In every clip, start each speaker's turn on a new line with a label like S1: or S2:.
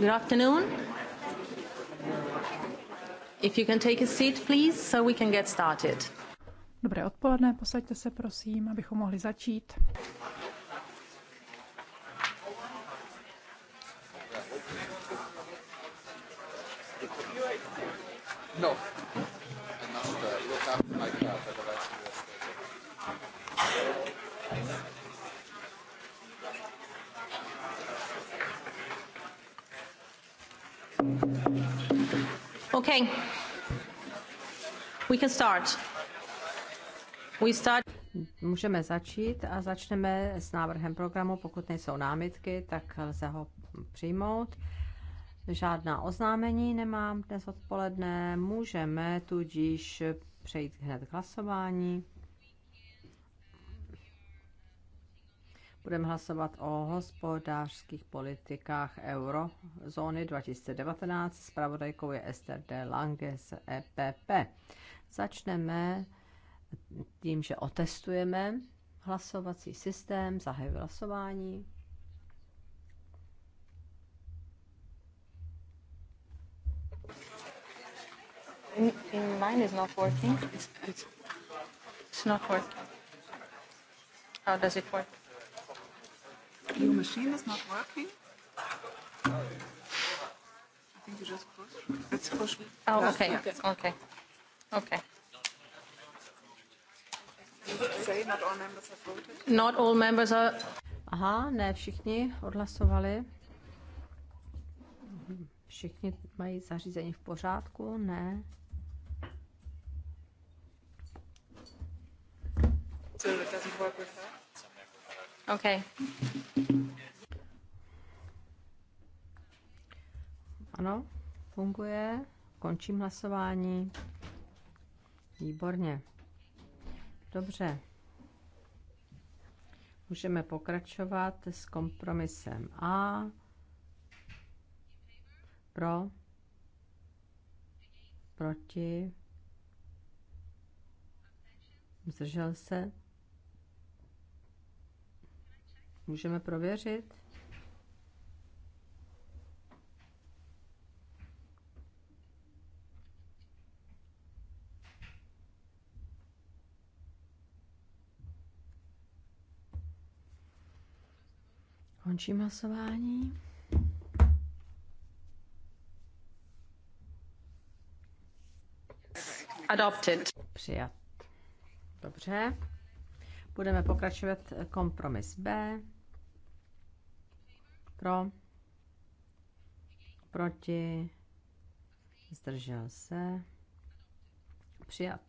S1: Good afternoon. If you can take a seat, please, so we can
S2: get started. Dobré odpoledne, posaďte se prosím, abychom mohli začít.
S1: No. can start. We start. Můžeme začít a začneme s návrhem programu. Pokud nejsou námitky, tak lze ho přijmout. Žádná oznámení nemám dnes odpoledne. Můžeme tudíž přejít hned k hlasování. Budeme hlasovat o hospodářských politikách eurozóny 2019. Spravodajkou je Esther de Lange z EPP. Začneme tím, že otestujeme hlasovací systém, zahajuji hlasování. In, in mine is not working. It's, it's, it's not working. How does it work?
S2: Your machine is not working? I
S1: think you just push. push. Oh, okay. Okay. okay. Okay.
S2: Not all members are...
S1: Aha, ne všichni odhlasovali. Všichni mají zařízení v pořádku? Ne.
S2: OK.
S1: Okay. Ano, funguje. Končím hlasování. Výborně. Dobře. Můžeme pokračovat s kompromisem A. Pro. Proti. Zdržel se. Můžeme prověřit? Končím hlasování. Adopted. Přijat. Dobře. Budeme pokračovat kompromis B. Pro. Proti. Zdržel se. Přijat.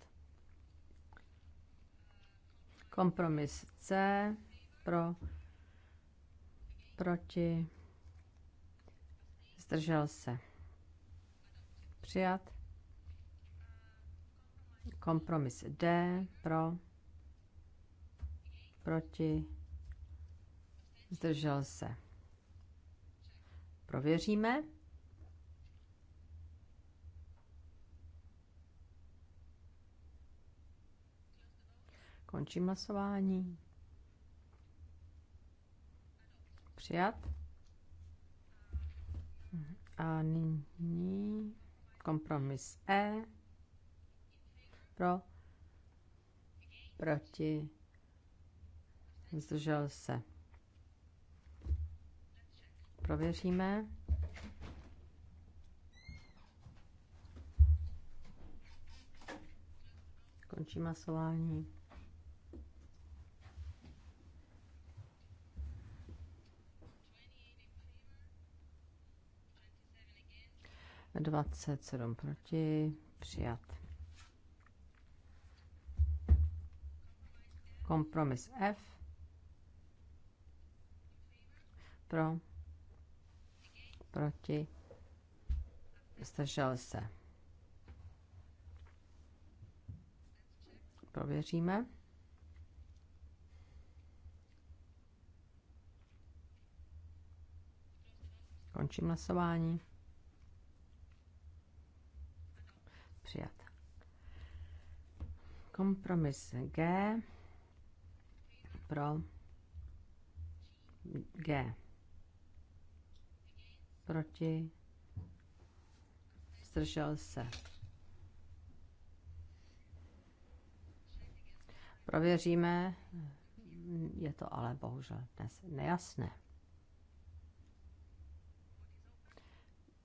S1: Kompromis C. Pro proti, zdržel se. Přijat. Kompromis D pro, proti, zdržel se. Prověříme. Končím hlasování. Přijat. A nyní kompromis E. Pro. Proti. Zdržel se. Prověříme. Končím hlasování. 27 proti, přijat. Kompromis F. Pro. Proti. Zdržel se. Prověříme. Končím hlasování. Přijat. Kompromis G pro G proti zdržel se. Prověříme, je to ale bohužel dnes nejasné.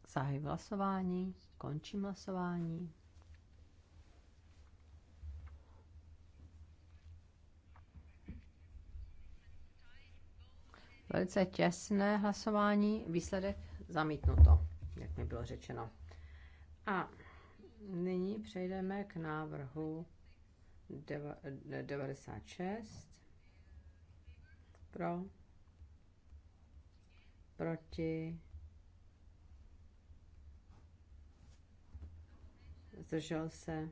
S1: Zahajuji hlasování, končím hlasování. Velice těsné hlasování, výsledek zamítnuto, jak mi bylo řečeno. A nyní přejdeme k návrhu 96 eh, pro, proti, zdržel se,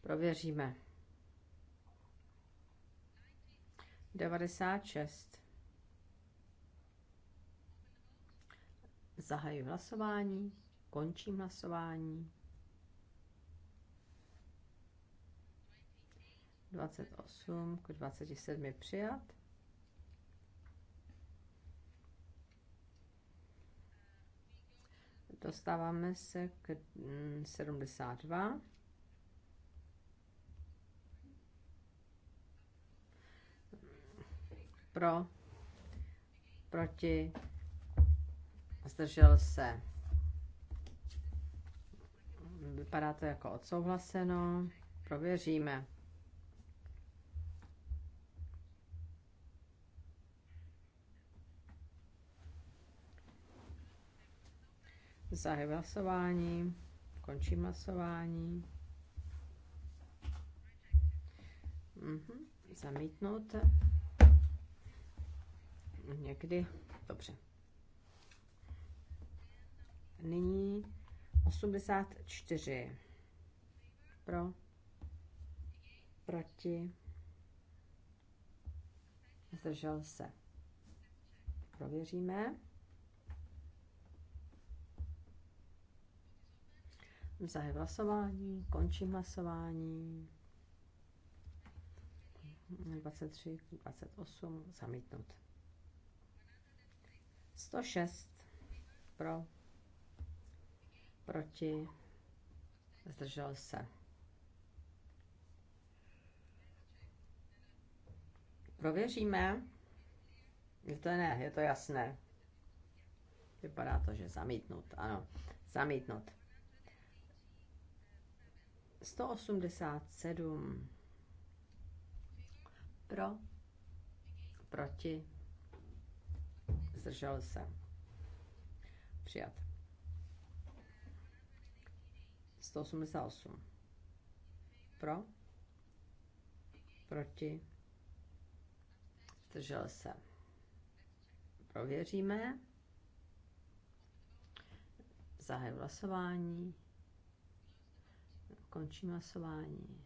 S1: prověříme. 96. Zahajuji hlasování, končím hlasování. 28 k 27 přijat. Dostáváme se k 72. Mm, Pro. Proti. Zdržel se. Vypadá to jako odsouhlaseno. Prověříme. Zahy hlasování, končím hlasování. Mhm, zamítnout. Někdy. Dobře. Nyní 84. Pro. Proti. Zdržel se. Prověříme. Zahy hlasování, končím hlasování. 23, 28, zamítnut. 106 pro, proti, zdržel se. Prověříme. Je to ne, je to jasné. Vypadá to, že zamítnut, ano, zamítnut. 187 pro, proti, zdržel se. Přijat. 188. Pro. Proti. Zdržel se. Prověříme. Zahajuji hlasování. Končím hlasování.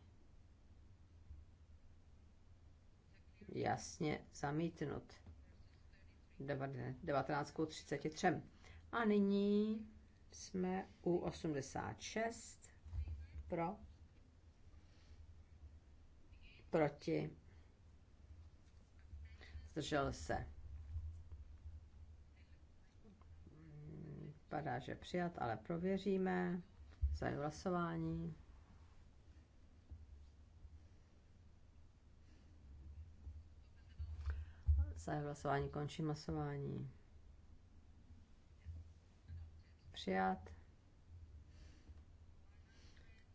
S1: Jasně zamítnut. 19.33. A nyní jsme u 86 pro, proti, zdržel se. Vypadá, že přijat, ale prověříme. Zahajuji hlasování. se hlasování. Končím hlasování. Přijat.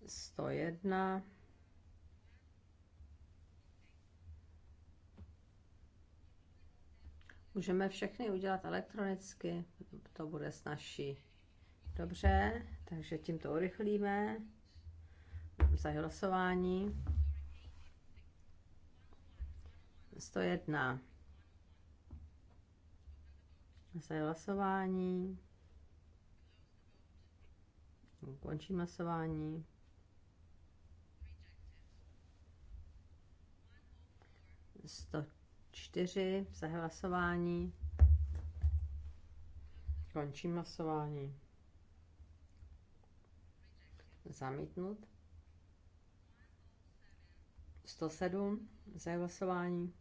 S1: 101. Můžeme všechny udělat elektronicky, to bude snažší. Dobře, takže tím to urychlíme. Za hlasování. 101. Zase hlasování. Končím hlasování. Sto čtyři, zahajuji hlasování. Končím hlasování. Zamítnut. 107, za hlasování.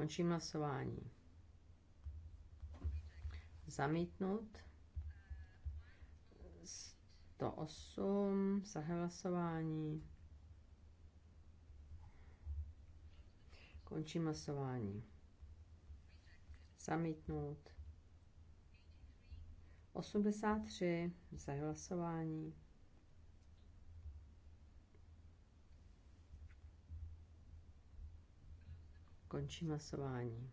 S1: Končím hlasování. Zamítnut. 108. Zahaj hlasování. Končím hlasování. Zamítnout. 83. Zahaj hlasování. Končím hlasování.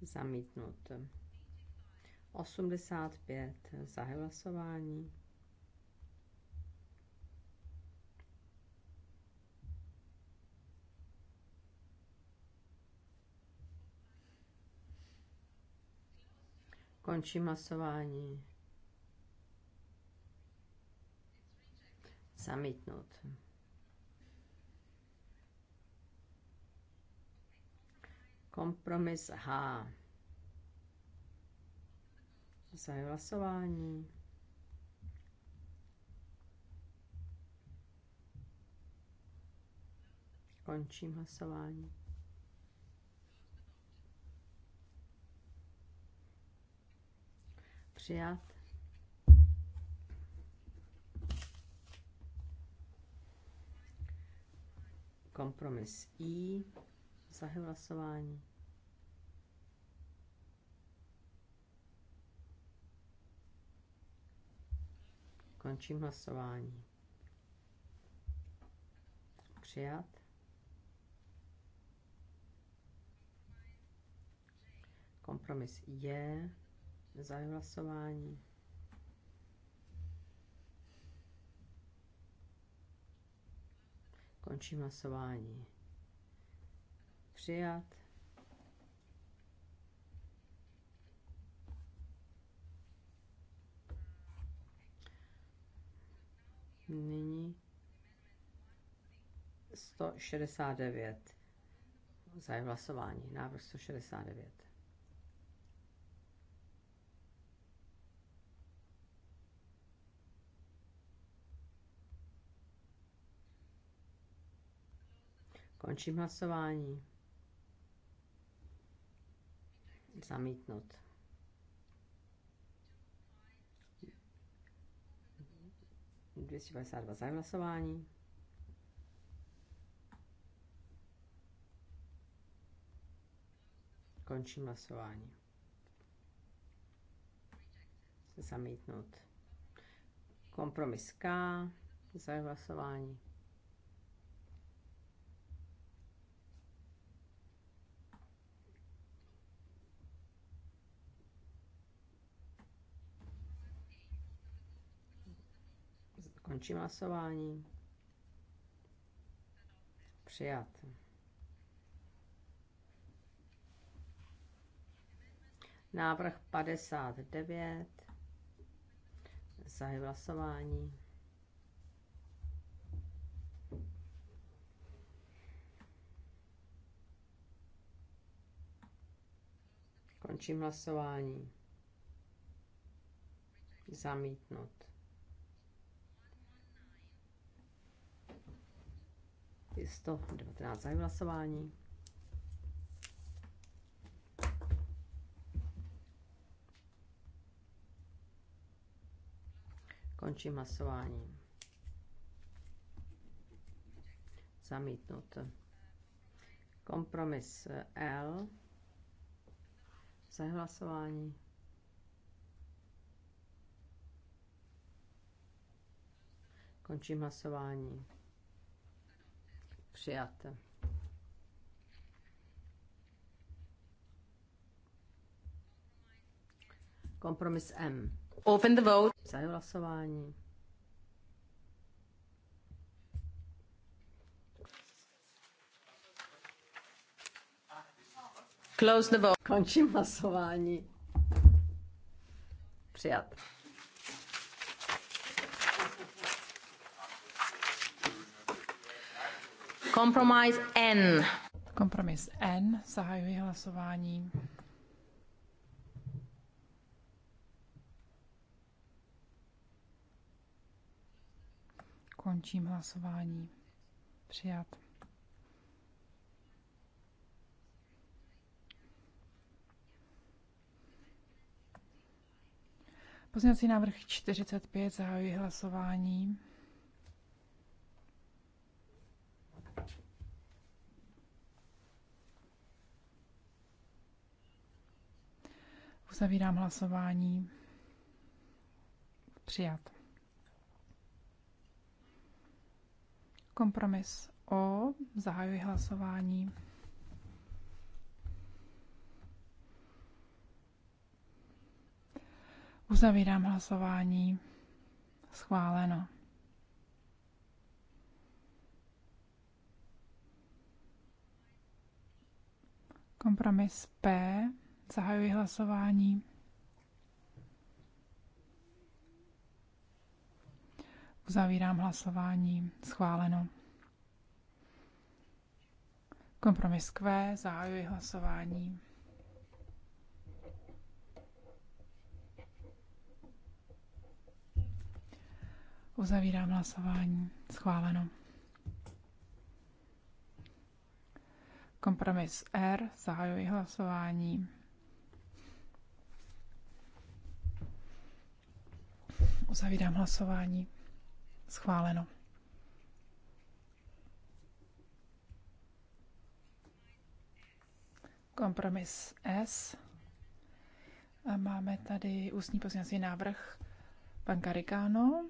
S1: Zamítnut. 85. Zahaj hlasování. Končím hlasování. Zamítnout. Kompromis H. Zahajuji hlasování. Končím hlasování. Přijat. Kompromis I. Zahajuji hlasování. Končím hlasování. Přijat. Kompromis je. za hlasování. Končím hlasování přijat. Nyní 169. za hlasování. Návrh 169. Končím hlasování. zamítnut. Dvěstě dva za hlasování. Končím hlasování. Zamítnout. Kompromis K. Zahlasování. hlasování. Končím hlasování. Přijat. Návrh 59. Zahy hlasování. Končím hlasování. Zamítnout. Taky 119 zahájím hlasování. Končím hlasování. Zamítnut. Kompromis L. Zahájím hlasování. Končím hlasování přijat. Kompromis M. Open the vote. Zahajuji hlasování. Close the vote. Končím hlasování. Přijat.
S2: Compromise N. Kompromis N. Zahajuji hlasování. Končím hlasování. Přijat. Pozměňovací návrh 45 zahajuji hlasování. Uzavírám hlasování. Přijat. Kompromis O. Zahajuji hlasování. Uzavírám hlasování. Schváleno. Kompromis P. Zahajuji hlasování. Uzavírám hlasování. Schváleno. Kompromis Q. Zahajuji hlasování. Uzavírám hlasování. Schváleno. Kompromis R. Zahajuji hlasování. Uzavírám hlasování. Schváleno. Kompromis S. A máme tady ústní pozměnací návrh pan Karikáno.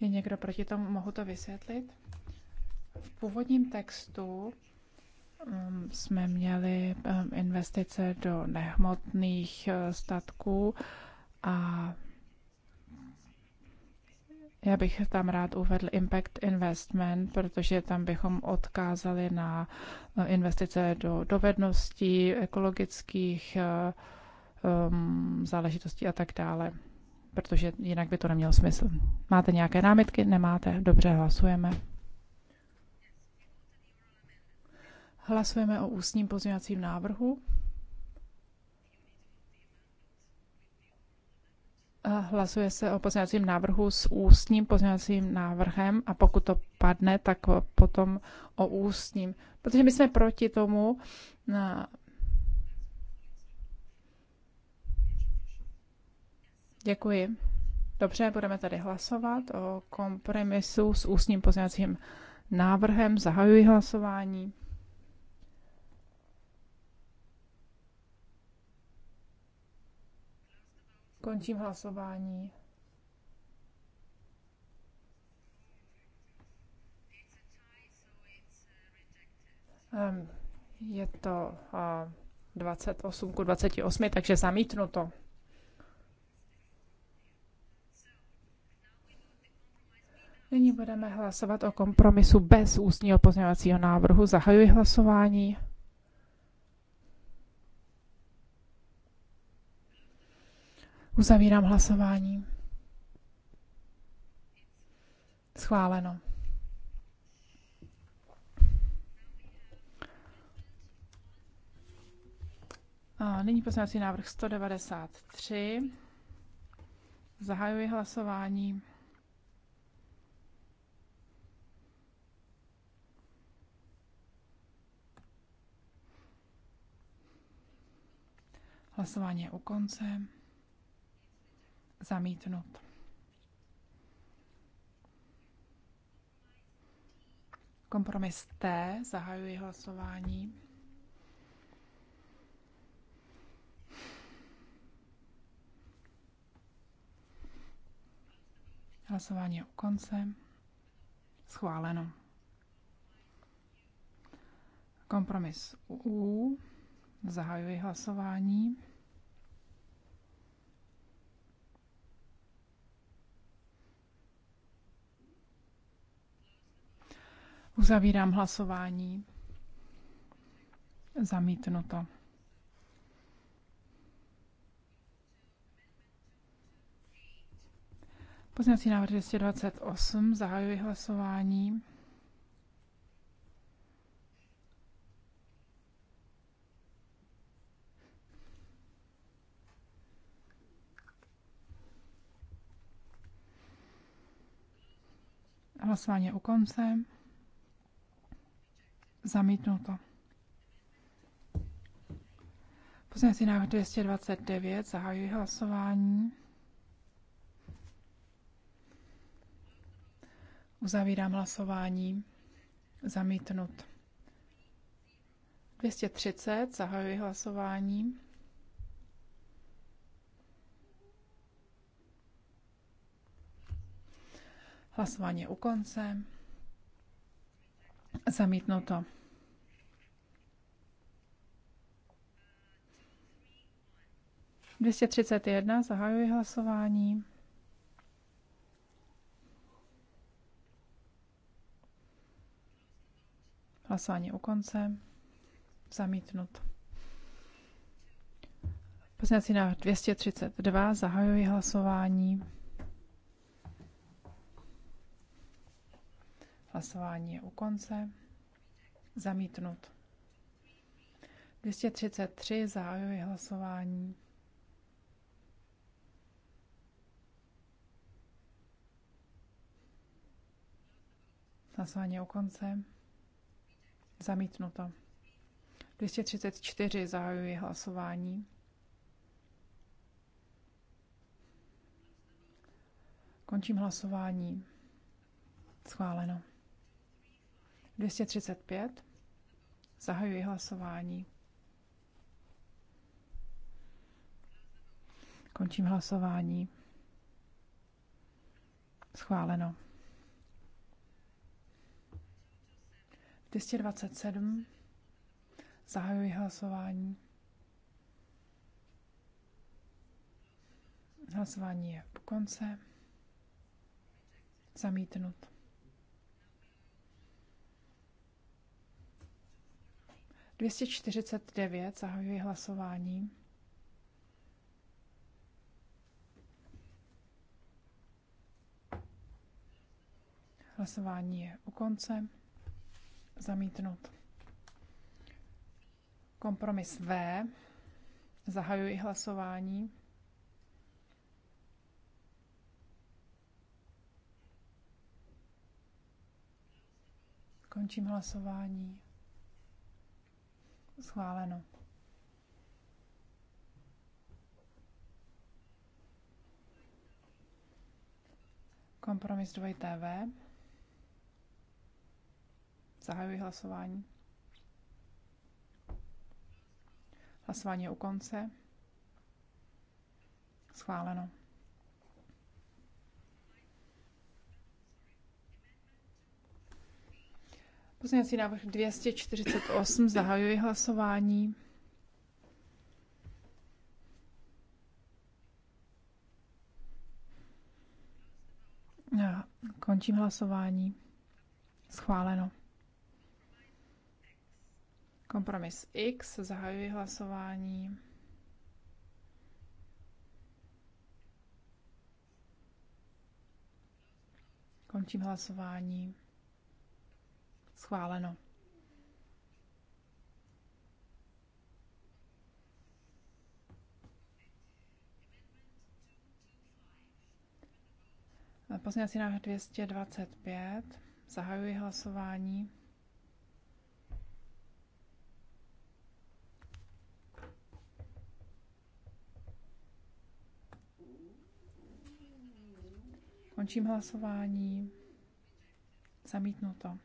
S2: Je někdo proti tomu? Mohu to vysvětlit? V původním textu mm, jsme měli mm, investice do nehmotných eh, statků a já bych tam rád uvedl Impact Investment, protože tam bychom odkázali na eh, investice do dovedností, ekologických um, záležitostí a tak dále, protože jinak by to nemělo smysl. Máte nějaké námitky? Nemáte? Dobře, hlasujeme. Hlasujeme o ústním pozměňovacím návrhu. Hlasuje se o pozměňovacím návrhu s ústním pozměňovacím návrhem a pokud to padne, tak potom o ústním. Protože my jsme proti tomu. Na... Děkuji. Dobře, budeme tady hlasovat o kompromisu s ústním pozměňovacím návrhem. Zahajuji hlasování. Končím hlasování. Ehm, je to 28 k 28, takže zamítnu to. Nyní budeme hlasovat o kompromisu bez ústního pozměňovacího návrhu. Zahajuji hlasování. Uzavírám hlasování. Schváleno. A nyní poslanecí návrh 193. Zahajuji hlasování. Hlasování je u konce zamítnut. Kompromis T, zahajuji hlasování. Hlasování je u konce. Schváleno. Kompromis U. Zahajuji hlasování. Uzavírám hlasování. Zamítnuto. Poznací návrh 228. Zahajuji hlasování. Hlasování je u konce. Zamítnuto. si návrh 229, zahajuji hlasování. Uzavírám hlasování. Zamítnut. 230, zahajuji hlasování. Hlasování u konce. Zamítnuto. 231, zahajuji hlasování. Hlasování u konce. Zamítnut. Poznací návrh 232, zahajuji hlasování. Hlasování je u konce. Zamítnut. 233, zahajuji hlasování. Hlasování u konce. Zamítnuto. 234 zahajuji hlasování. Končím hlasování. Schváleno. 235. Zahajuji hlasování. Končím hlasování. Schváleno. 227. Zahajuji hlasování. Hlasování je u konce. Zamítnut. Dvěstě čtyřicet devět. Zahajuji hlasování. Hlasování je u konce. Zamítnout. Kompromis V. Zahajuji hlasování. Končím hlasování. Schváleno. Kompromis 2TV. Zahajuji hlasování. Hlasování je u konce. Schváleno. Pozměňovací návrh 248. Zahajuji hlasování. končím hlasování. Schváleno. Kompromis X, zahajuji hlasování. Končím hlasování. Schváleno. Pozměňovací návrh 225. Zahajuji hlasování. Končím hlasování. Zamítnu to.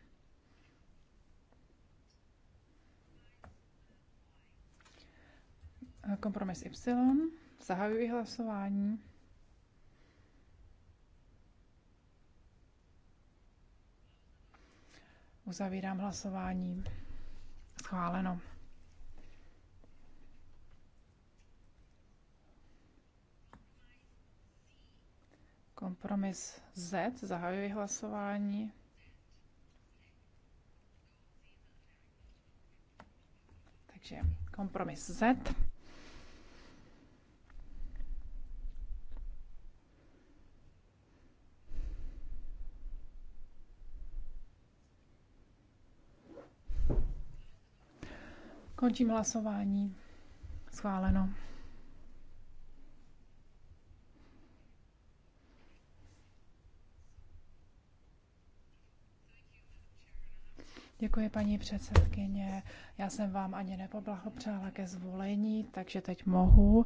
S2: Kompromis Y. Zahajuji hlasování. Uzavírám hlasování. Schváleno. Kompromis Z, zahajuji hlasování. Takže kompromis Z. Končím hlasování. Schváleno. Děkuji, paní předsedkyně. Já jsem vám ani nepoblahopřála ke zvolení, takže teď mohu.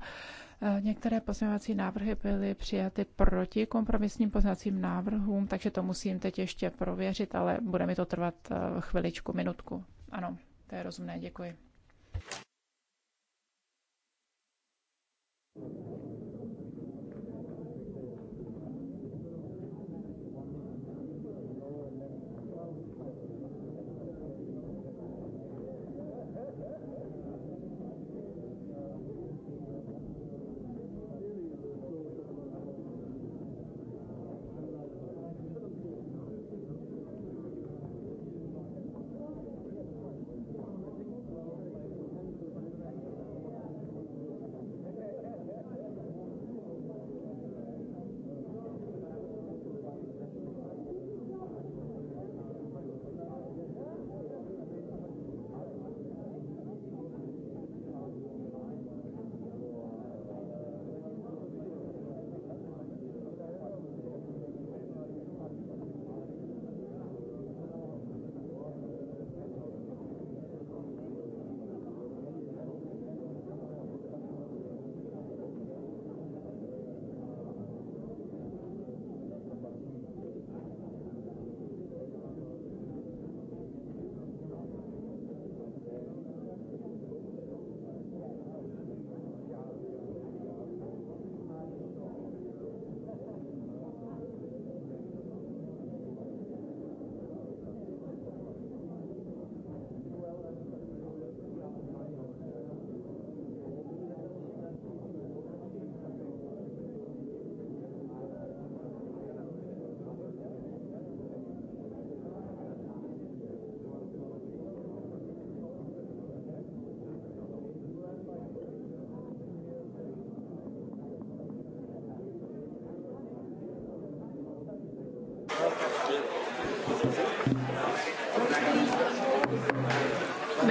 S2: Eh, některé pozměňovací návrhy byly přijaty proti kompromisním poznacím návrhům, takže to musím teď ještě prověřit, ale bude mi to trvat eh, chviličku, minutku. Ano, to je rozumné, děkuji.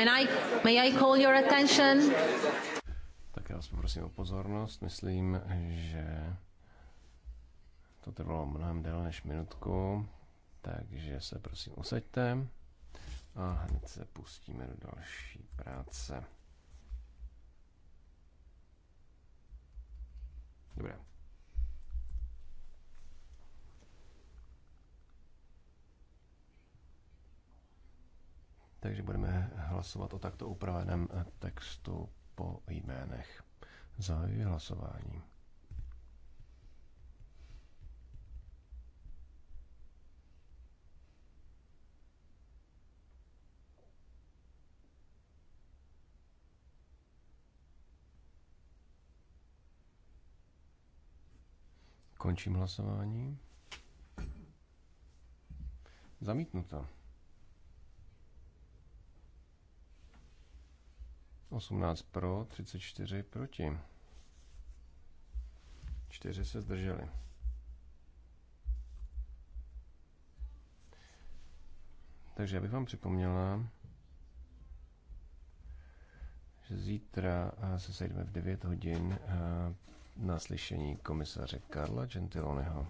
S1: Can I, may I call your attention?
S3: Tak já vás poprosím o pozornost. Myslím, že to trvalo mnohem déle než minutku, takže se prosím usaďte a hned se pustíme do další práce. Dobrá. Takže budeme hlasovat o takto upraveném textu po jménech. Zahajuji hlasování. Končím hlasování. Zamítnuto. 18 pro, 34 proti. 4 se zdrželi. Takže já bych vám připomněla, že zítra eh, se sejdeme v 9 hodin eh, na slyšení komisaře Karla Gentiloneho.